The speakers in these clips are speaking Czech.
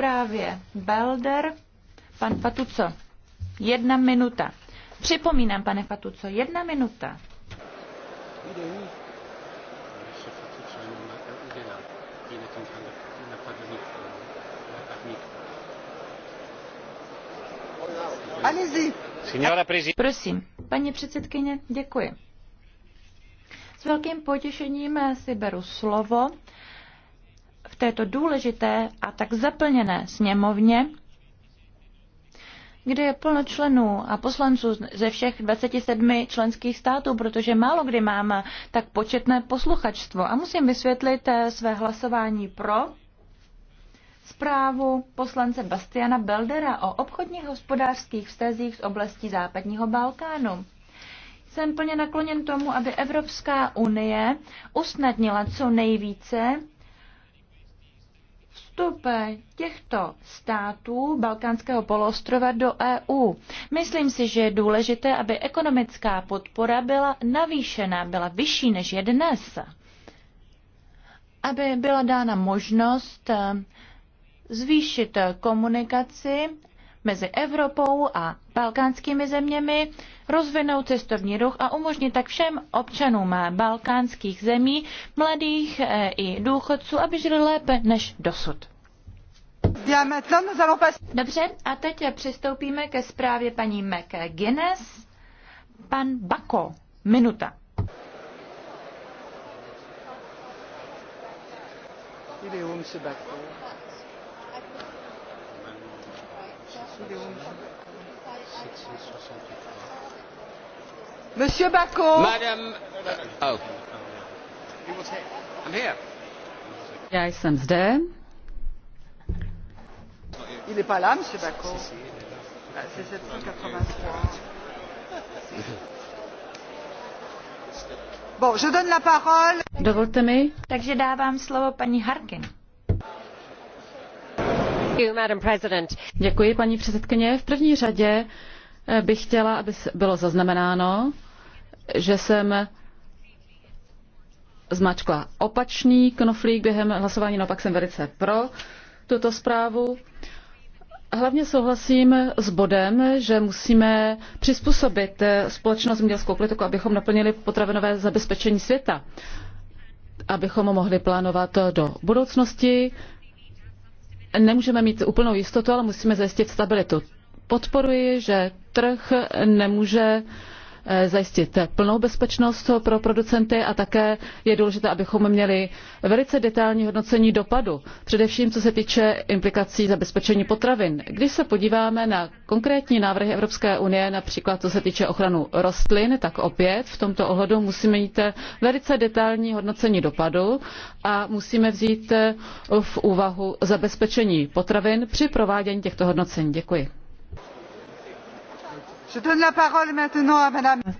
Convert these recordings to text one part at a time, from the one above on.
zprávě Belder. Pan Patuco, jedna minuta. Připomínám, pane Patuco, jedna minuta. Prosím, paní předsedkyně, děkuji. S velkým potěšením si beru slovo této důležité a tak zaplněné sněmovně, kde je plno členů a poslanců ze všech 27 členských států, protože málo kdy mám tak početné posluchačstvo. A musím vysvětlit eh, své hlasování pro zprávu poslance Bastiana Beldera o obchodních hospodářských vztazích z oblasti západního Balkánu. Jsem plně nakloněn tomu, aby Evropská unie usnadnila co nejvíce vstup těchto států Balkánského poloostrova do EU. Myslím si, že je důležité, aby ekonomická podpora byla navýšena, byla vyšší než je dnes. Aby byla dána možnost eh, zvýšit komunikaci mezi Evropou a balkánskými zeměmi, rozvinout cestovní ruch a umožnit tak všem občanům balkánských zemí, mladých eh, i důchodců, aby žili lépe než dosud. Dobře, a teď přistoupíme ke zprávě paní McGuinness. Pan Bako, minuta. Il est où, Bako Monsieur Bacon. Madame, uh, oh. I'm here. Já jsem zde. Il n'est pas là, Monsieur Bacon. Ah, c'est 783. Bon, je donne la parole. Dovolte mi. Takže dávám slovo paní Harkin. Děkuji, paní předsedkyně. V první řadě eh, bych chtěla, aby bylo zaznamenáno, že jsem zmáčkla opačný knoflík během hlasování, naopak jsem velice pro tuto zprávu. Hlavně souhlasím s bodem, že musíme přizpůsobit eh, společnou zemědělskou politiku, abychom naplnili potravinové zabezpečení světa, abychom mohli plánovat do budoucnosti, nemůžeme mít úplnou jistotu, ale musíme zajistit stabilitu. Podporuji, že trh nemůže Eh, zajistit plnou bezpečnost pro producenty a také je důležité, abychom měli velice detailní hodnocení dopadu, především co se týče implikací zabezpečení potravin. Když se podíváme na konkrétní návrhy Evropské unie, například co se týče ochranu rostlin, tak opět v tomto ohledu musíme mít velice detailní hodnocení dopadu a musíme vzít v úvahu zabezpečení potravin při provádění těchto hodnocení. Děkuji.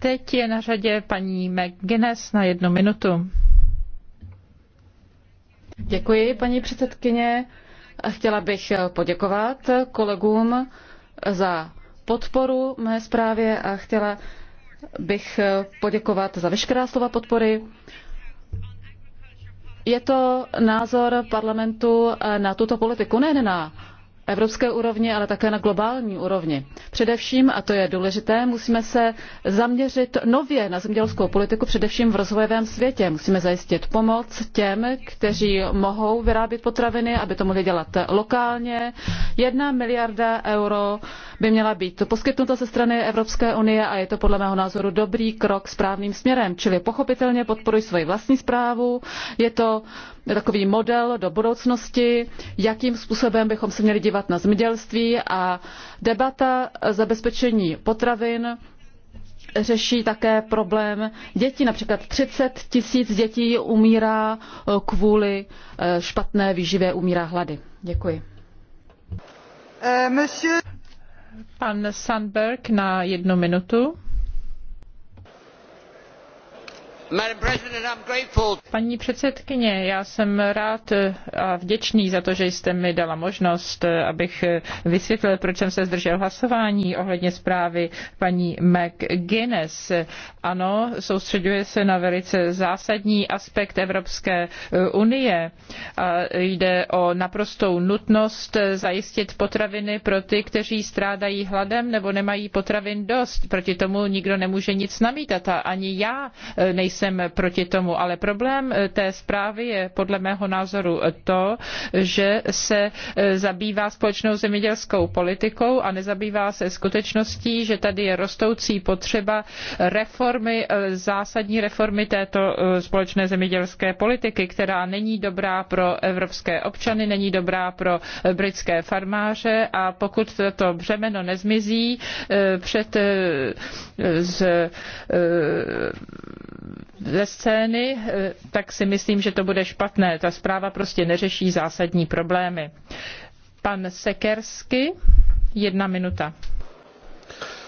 Teď je na řadě paní McGuinness na jednu minutu. Děkuji, paní předsedkyně. Chtěla bych poděkovat kolegům za podporu mé zprávě a chtěla bych poděkovat za veškerá slova podpory. Je to názor parlamentu na tuto politiku, ne na evropské úrovni, ale také na globální úrovni. Především, a to je důležité, musíme se zaměřit nově na zemědělskou politiku, především v rozvojovém světě. Musíme zajistit pomoc těm, kteří mohou vyrábět potraviny, aby to mohli dělat lokálně. Jedna miliarda euro by měla být poskytnuta ze strany Evropské unie a je to podle mého názoru dobrý krok správným směrem. Čili pochopitelně podporuji svoji vlastní zprávu. Je to takový model do budoucnosti, jakým způsobem bychom se měli dívat na zemědělství a debata zabezpečení potravin řeší také problém dětí. Například 30 tisíc dětí umírá eh, kvůli eh, špatné výživě, umírá hlady. Děkuji. Eh, Pan Sandberg na jednu minutu. Paní předsedkyně, já jsem rád a vděčný za to, že jste mi dala možnost, abych vysvětlil, proč jsem se zdržel hlasování ohledně zprávy paní McGuinness. Ano, soustředuje se na velice zásadní aspekt Evropské unie. A jde o naprostou nutnost zajistit potraviny pro ty, kteří strádají hladem nebo nemají potravin dost. Proti tomu nikdo nemůže nic namítat a ani já nejsem jsem proti tomu, ale problém eh, té zprávy je podle mého názoru eh, to, že se eh, zabývá společnou zemědělskou politikou a nezabývá se skutečností, že tady je rostoucí potřeba reformy, zásadní reformy této společné zemědělské politiky, která není dobrá pro evropské občany, není dobrá pro britské farmáře a pokud to břemeno nezmizí před z ze scény, eh, tak si myslím, že to bude špatné. Ta zpráva prostě neřeší zásadní problémy. Pan Sekersky, jedna minuta.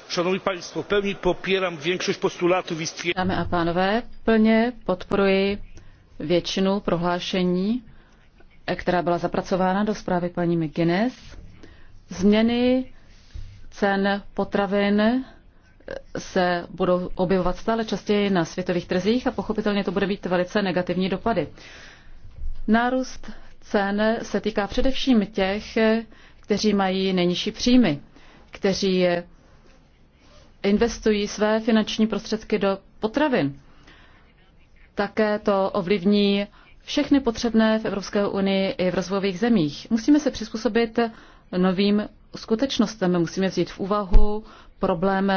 Szanowni Państwo, pełni popieram większość postulatów i stwierdzeń. Dámy a pánové, plně podporuji většinu prohlášení, která byla zapracována do zprávy paní McGuinness. Změny cen potravin se budou objevovat stále častěji na světových trzích a pochopitelně to bude mít velice negativní dopady. Nárůst cen se týká především těch, kteří mají nejnižší příjmy, kteří investují své finanční prostředky do potravin. Také to ovlivní všechny potřebné v Evropské unii i v rozvojových zemích. Musíme se přizpůsobit novým skutečnostem. Musíme vzít v úvahu problém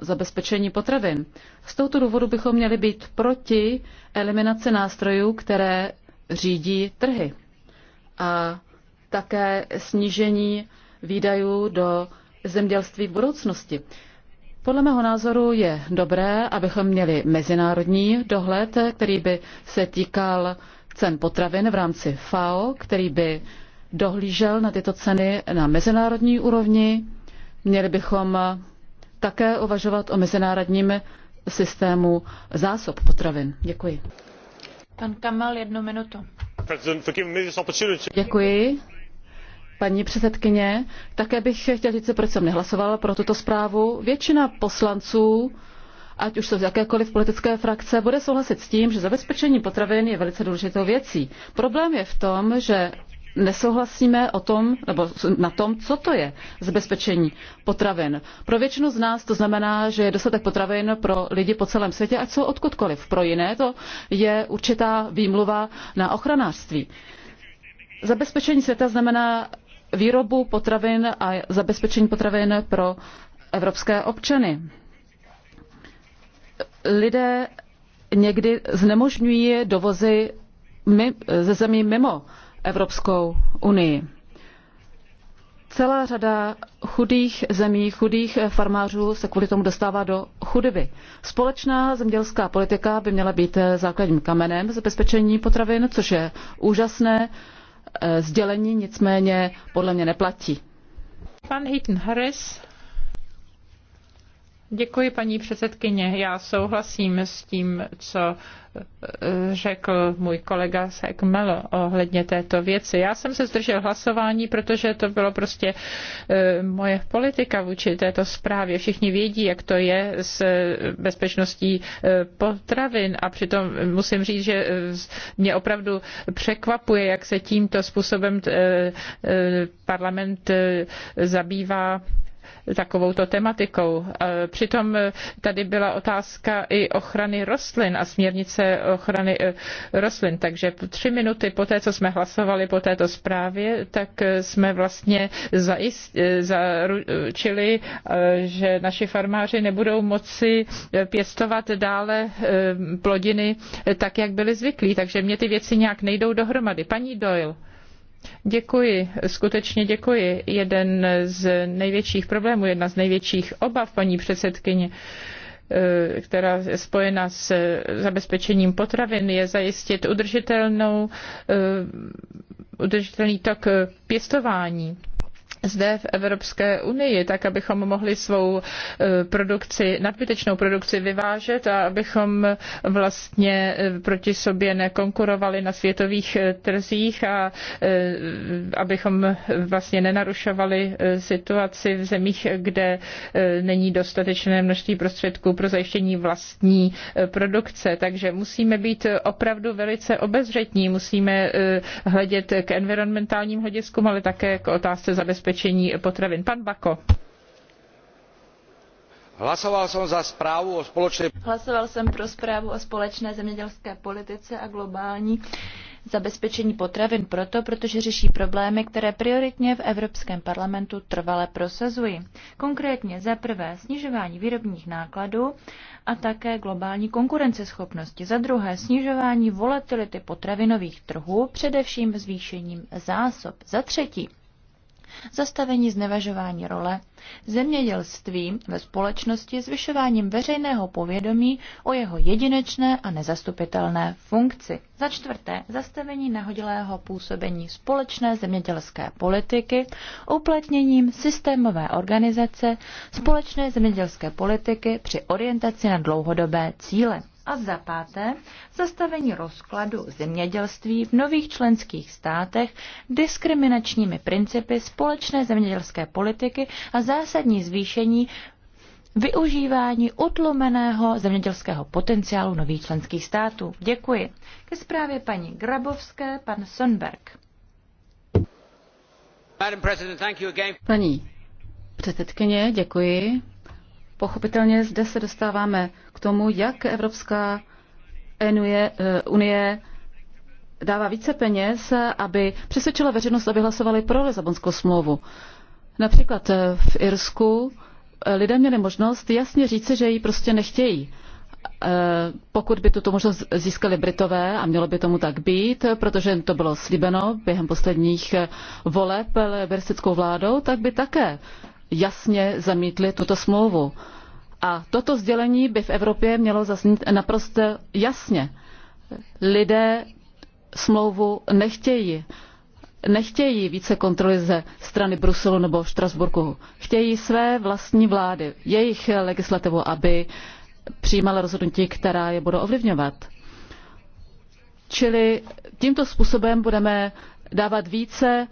zabezpečení potravin. Z touto důvodu bychom měli být proti eliminaci nástrojů, které řídí trhy a také snížení výdajů do zemědělství v budoucnosti. Podle mého názoru je dobré, abychom měli mezinárodní dohled, který by se týkal cen potravin v rámci FAO, který by dohlížel na tyto ceny na mezinárodní úrovni. Měli bychom také uvažovat o mezinárodním systému zásob potravin. Děkuji. Pan Kamal, jednu minutu. Děkuji. Paní předsedkyně, také bych chtěl říct, proč jsem nehlasovala pro tuto zprávu. Většina poslanců, ať už jsou z jakékoliv politické frakce, bude souhlasit s tím, že zabezpečení potravin je velice důležitou věcí. Problém je v tom, že nesouhlasíme o tom, nebo na tom, co to je zabezpečení potravin. Pro většinu z nás to znamená, že je dostatek potravin pro lidi po celém světě, ať jsou odkudkoliv. Pro jiné to je určitá výmluva na ochranářství. Zabezpečení světa znamená výrobu potravin a zabezpečení potravin pro evropské občany. Lidé někdy znemožňují dovozy ze zemí mimo Evropskou unii. Celá řada chudých zemí, chudých farmářů se kvůli tomu dostává do chudoby. Společná zemědělská politika by měla být základním kamenem zabezpečení potravin, což je úžasné e, sdělení, nicméně podle mě neplatí. Pan Heaton Harris Děkuji, paní předsedkyně. Já souhlasím s tím, co eh, řekl můj kolega Sekmel ohledně této věci. Já jsem se zdržel hlasování, protože to bylo prostě eh, moje politika vůči této zprávě. Všichni vědí, jak to je s eh, bezpečností potravin a přitom musím říct, že mě opravdu překvapuje, jak se tímto způsobem parlament zabývá takovouto tematikou. E, přitom tady byla otázka i ochrany rostlin a směrnice ochrany e, rostlin, takže tři minuty po té, co jsme hlasovali po této zprávě, tak jsme vlastně e, zaručili, že naši farmáři nebudou moci pěstovat dále plodiny tak, jak byli zvyklí, takže mě ty věci nějak nejdou dohromady. Paní Doyle. Děkuji, skutečně děkuji. Jeden z největších problémů, jedna z největších obav, paní předsedkyně, eh, která je spojena s zabezpečením potravin, je zajistit udržitelnou, eh, udržitelný tak pěstování zde v Evropské unii, tak abychom mohli svou eh, produkci, nadbytečnou produkci vyvážet a abychom vlastně eh, proti sobě nekonkurovali na světových eh, trzích a abychom vlastně nenarušovali situaci v zemích, kde není dostatečné množství prostředků pro zajištění vlastní produkce. Takže musíme být opravdu velice obezřetní, musíme hledět k environmentálním hlediskům, ale také k otázce zabezpečení zabezpečení potravin. Pan Bako. Hlasoval jsem za zprávu o společné... Hlasoval jsem pro zprávu o společné zemědělské politice a globální zabezpečení potravin proto, protože řeší problémy, které prioritně v Evropském parlamentu trvale prosazují. Konkrétně za prvé snižování výrobních nákladů a také globální konkurenceschopnosti. Za druhé snižování volatility potravinových trhů, především zvýšením zásob. Za třetí zastavení znevažování role zemědělství ve společnosti zvyšováním veřejného povědomí o jeho jedinečné a nezastupitelné funkci. Za čtvrté, zastavení nahodilého působení společné zemědělské politiky uplatněním systémové organizace společné zemědělské politiky při orientaci na dlouhodobé cíle. A za páté, zastavení rozkladu zemědělství v nových členských státech diskriminačními principy společné zemědělské politiky a zásadní zvýšení využívání utlumeného zemědělského potenciálu nových členských států. Děkuji. Ke zprávě paní Grabovské, pan Sonberg. Paní předsedkyně, děkuji. Pochopitelně zde se dostáváme k tomu, jak Evropská unie, eh, unie dává více peněz, aby přesvědčila veřejnost, aby hlasovali pro Lisabonskou smlouvu. Například eh, v Irsku eh, lidé měli možnost jasně říci, že ji prostě nechtějí. Pokud by tuto možnost získali Britové, a mělo by tomu tak být, protože to bylo slíbeno během posledních voleb liberistickou vládou, tak by také jasně zamítli tuto smlouvu. A toto sdělení by v Evropě mělo zaznít naprosto jasně. Lidé smlouvu nechtějí. Nechtějí více kontroly ze strany Bruselu nebo Štrasburku. Chtějí své vlastní vlády, jejich legislativu, aby přijímala rozhodnutí, která je budou ovlivňovat. Čili tímto způsobem budeme dávat více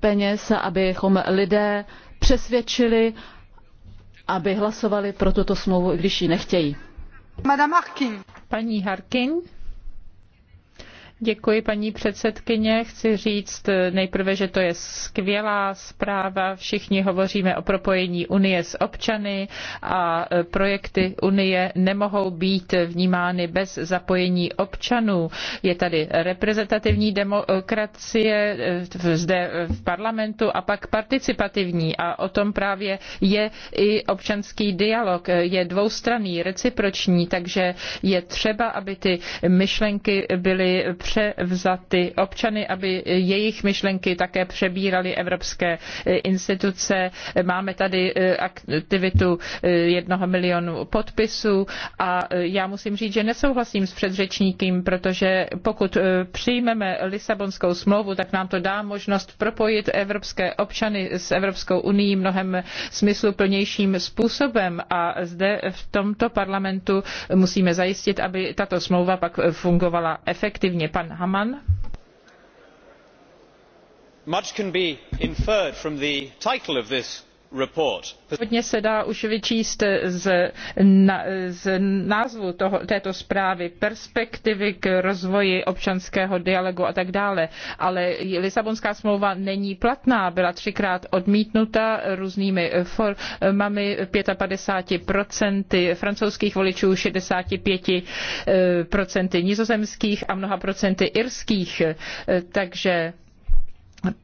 peněz, abychom lidé přesvědčili, aby hlasovali pro tuto smlouvu, i když ji nechtějí. Paní Harkin. Děkuji, paní předsedkyně. Chci říct nejprve, že to je skvělá zpráva. Všichni hovoříme o propojení Unie s občany a projekty Unie nemohou být vnímány bez zapojení občanů. Je tady reprezentativní demokracie zde v parlamentu a pak participativní a o tom právě je i občanský dialog. Je dvoustranný, reciproční, takže je třeba, aby ty myšlenky byly převzaty občany, aby jejich myšlenky také přebíraly evropské eh, instituce. Máme tady eh, aktivitu eh, jednoho milionu podpisů a já musím říct, že nesouhlasím s předřečníkem, protože pokud přijmeme Lisabonskou smlouvu, tak nám to dá možnost propojit evropské občany s Evropskou unii mnohem smysluplnějším způsobem a zde v tomto parlamentu musíme zajistit, aby tato smlouva pak fungovala efektivně. Haman. Much can be inferred from the title of this Hodně se dá už vyčíst z, na, z názvu toho, této zprávy perspektivy k rozvoji občanského dialogu a tak dále, ale Lisabonská smlouva není platná, byla třikrát odmítnuta různými formami 55% francouzských voličů, 65% eh, nizozemských a mnoha procenty irských, eh, takže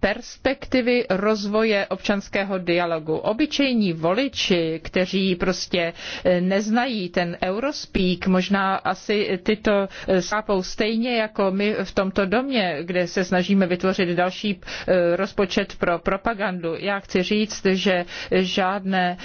perspektivy rozvoje občanského dialogu. Obyčejní voliči, kteří prostě eh, neznají ten Eurospeak, možná asi tyto sápou eh, stejně jako my v tomto domě, kde se snažíme vytvořit další eh, rozpočet pro propagandu. Já chci říct, že žádné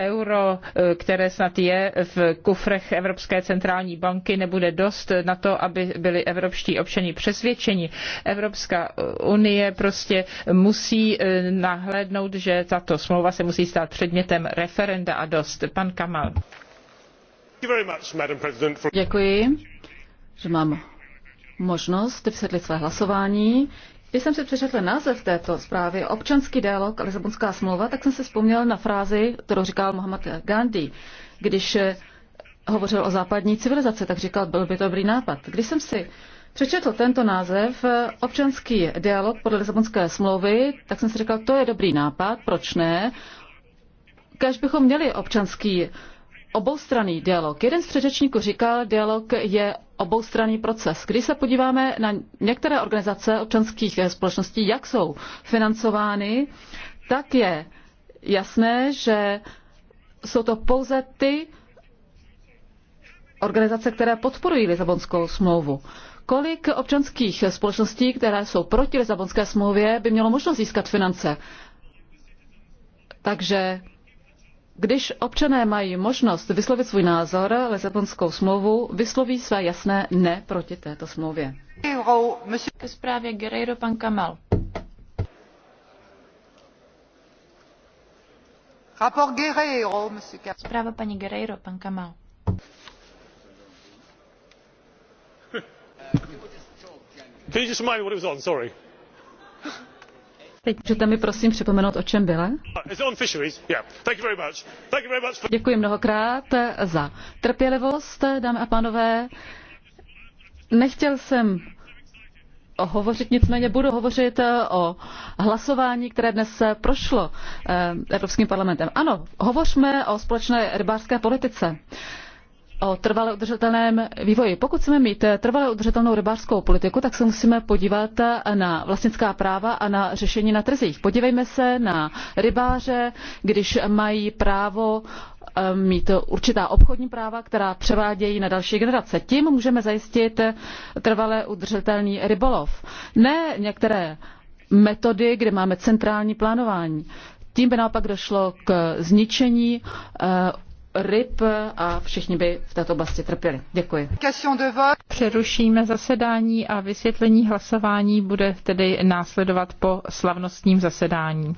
euro, které snad je v kufrech Evropské centrální banky, nebude dost na to, aby byli evropští občané přesvědčeni. Evropská unie pro prostě prostě musí eh, nahlédnout, že tato smlouva se musí stát předmětem referenda a dost. Pan Kamal. Děkuji, že mám možnost vysvětlit své hlasování. Když jsem si přečetl název této zprávy Občanský dialog a Lisabonská smlouva, tak jsem se vzpomněl na frázi, kterou říkal Mohamed Gandhi, když eh, hovořil o západní civilizaci, tak říkal, byl by to dobrý nápad. Když jsem si přečetl tento název Občanský dialog podle Lisabonské smlouvy, tak jsem si říkal, to je dobrý nápad, proč ne? Kaž bychom měli občanský oboustranný dialog. Jeden z předřečníků říkal, dialog je oboustranný proces. Když se podíváme na některé organizace občanských společností, jak jsou financovány, tak je jasné, že jsou to pouze ty organizace, které podporují Lisabonskou smlouvu. Kolik občanských společností, které jsou proti Lisabonské smlouvě, by mělo možnost získat finance? Takže když občané mají možnost vyslovit svůj názor Lisabonskou smlouvu, vysloví své jasné ne proti této smlouvě. Ke zprávě Guerreiro pan Kamal. Zpráva paní Guerreiro, pan Kamal. Teď můžete mi prosím připomenout, o čem byla? Uh, Děkuji mnohokrát za trpělivost, dámy a pánové. Nechtěl jsem hovořit, nicméně budu hovořit eh, o hlasování, které dnes eh, prošlo eh, Evropským parlamentem. Ano, hovořme o společné rybářské politice o trvale udržitelném vývoji. Pokud chceme mít trvale udržitelnou rybářskou politiku, tak se musíme podívat na vlastnická práva a na řešení na trzích. Podívejme se na rybáře, když mají právo eh, mít určitá obchodní práva, která převádějí na další generace. Tím můžeme zajistit trvale udržitelný rybolov. Ne některé metody, kde máme centrální plánování. Tím by naopak došlo k zničení eh, ryb a všichni by v této oblasti trpěli. Děkuji. Přerušíme zasedání a vysvětlení hlasování bude tedy následovat po slavnostním zasedání.